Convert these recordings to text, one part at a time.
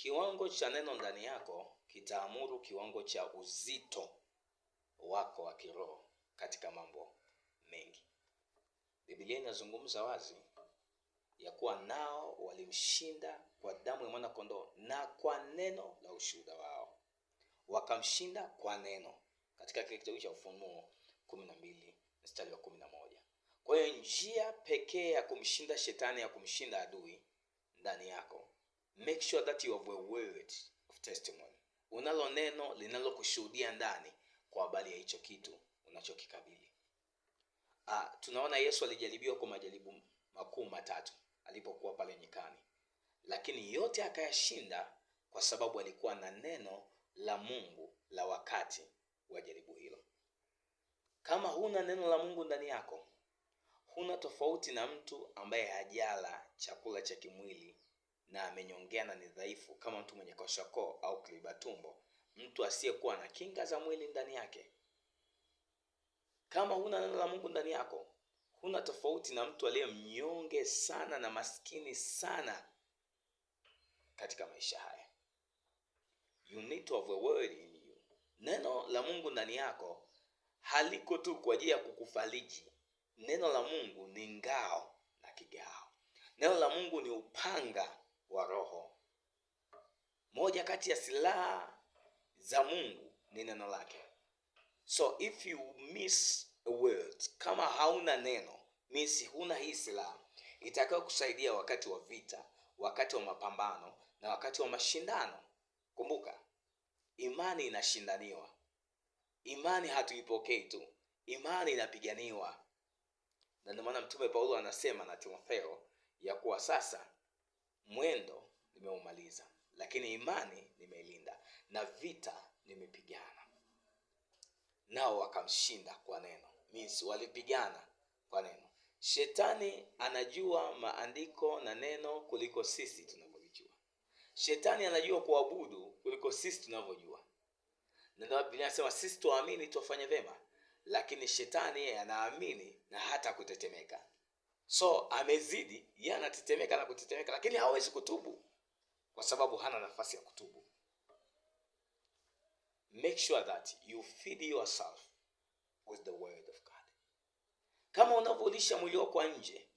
Kiwango cha neno ndani yako kitaamuru kiwango cha uzito wako wa kiroho katika mambo mengi. Biblia inazungumza wazi ya kuwa nao walimshinda kwa damu ya mwana kondoo na kwa neno la ushuhuda wao, wakamshinda kwa neno, katika kile kitabu cha Ufunuo 12 mstari wa 11. Kwa hiyo njia pekee ya kumshinda shetani, ya kumshinda adui ndani yako make sure that you have a word of testimony, unalo neno linalokushuhudia ndani kwa habari ya hicho kitu unachokikabili. Ah, tunaona Yesu alijaribiwa kwa majaribu makuu matatu alipokuwa pale nyikani, lakini yote akayashinda kwa sababu alikuwa na neno la Mungu la wakati wa jaribu hilo. Kama huna neno la Mungu ndani yako, huna tofauti na mtu ambaye hajala chakula cha kimwili na amenyongea na ni dhaifu kama mtu mwenye kwashakoo au kuliba tumbo, mtu asiyekuwa na kinga za mwili ndani yake. Kama huna neno la Mungu ndani yako, huna tofauti na mtu aliye mnyonge sana na maskini sana katika maisha haya. You need to have a word in you. Neno la Mungu ndani yako haliko tu kwa ajili ya kukufariji. Neno la Mungu ni ngao na kigao. Neno la Mungu ni upanga wa Roho. Moja kati ya silaha za Mungu ni neno lake. So if you miss a word, kama hauna neno misi, huna hii silaha itakayo kusaidia wakati wa vita, wakati wa mapambano na wakati wa mashindano. Kumbuka, imani inashindaniwa, imani hatuipokei tu, imani inapiganiwa. Na ndio maana Mtume Paulo anasema na Timotheo ya kuwa sasa Mwendo nimeumaliza, lakini imani nimeilinda, na vita nimepigana, nao wakamshinda kwa neno. Means walipigana kwa neno. Shetani anajua maandiko na neno kuliko sisi tunavyojua. Shetani anajua kuabudu kuliko sisi tunavyojua, na ndio Biblia inasema sisi tuamini tuwafanye vema lakini shetani anaamini na hata kutetemeka. So amezidi, yeye anatetemeka na kutetemeka, lakini hawezi kutubu kwa sababu hana nafasi ya kutubu. Make sure that you feed yourself with the word of God. Kama unavyolisha mwili wako nje,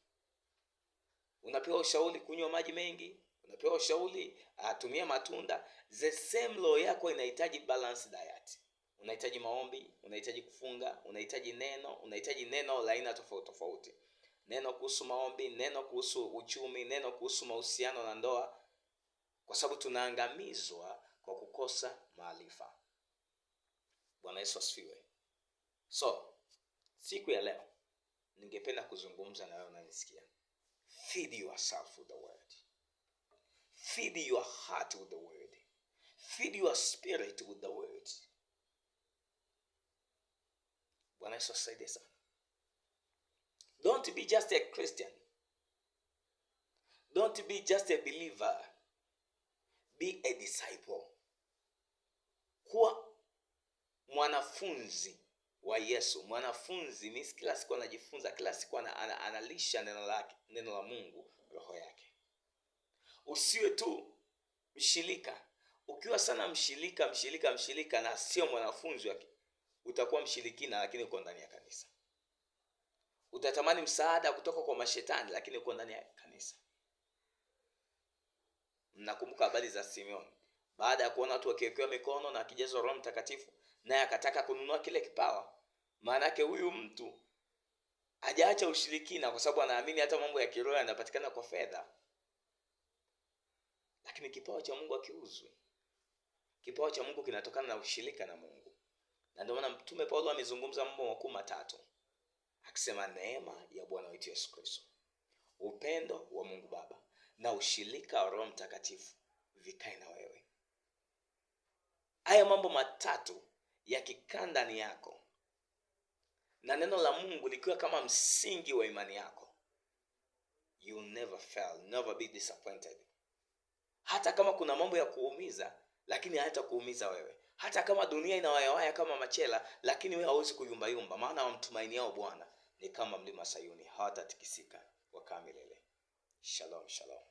unapewa ushauri kunywa maji mengi, unapewa ushauri atumia ah, matunda. The same law yako inahitaji balanced diet. Unahitaji maombi, unahitaji kufunga, unahitaji neno, unahitaji neno la aina tofauti tofauti neno kuhusu maombi, neno kuhusu uchumi, neno kuhusu mahusiano na ndoa, kwa sababu tunaangamizwa kwa kukosa maarifa. Bwana Yesu asifiwe. So siku ya leo ningependa kuzungumza na wewe unanisikia, feed yourself with the word, feed your heart with the word, feed your spirit with the word. Bwana Yesu asaidie sana. Don't be just a Christian. Don't be just a believer. Be a disciple. Kuwa mwanafunzi wa Yesu. Mwanafunzi means kila siku anajifunza, kila siku analisha neno lake, neno la Mungu, roho yake. Usiwe tu mshirika. Ukiwa sana mshirika, mshirika, mshirika na sio mwanafunzi wake, utakuwa mshirikina, lakini uko ndani ya kanisa. Utatamani msaada kutoka kwa mashetani, lakini uko ndani ya kanisa. Mnakumbuka habari za Simeon baada ya kuona watu wakiwekewa mikono na akijazwa Roho Mtakatifu, naye akataka kununua kile kipawa. Maana yake huyu mtu hajaacha ushirikina, kwa sababu anaamini hata mambo ya kiroho yanapatikana kwa fedha, lakini kipawa cha Mungu hakiuzwi. Kipawa cha Mungu kinatokana na ushirika na Mungu, na ndio maana Mtume Paulo amezungumza mambo makuu matatu akisema neema ya Bwana wetu Yesu Kristo, upendo wa Mungu Baba na ushirika wa Roho Mtakatifu vikae na wewe. Haya mambo matatu yakikaa ndani yako na neno la Mungu likiwa kama msingi wa imani yako, you never fail, never be disappointed. Hata kama kuna mambo ya kuumiza, lakini hayatakuumiza wewe. Hata kama dunia inawayawaya kama machela, lakini wewe hauwezi kuyumbayumba, maana wamtumainiao Bwana ni kama mlima Sayuni, hawatatikisika, wakaa milele. Shalom, shalom.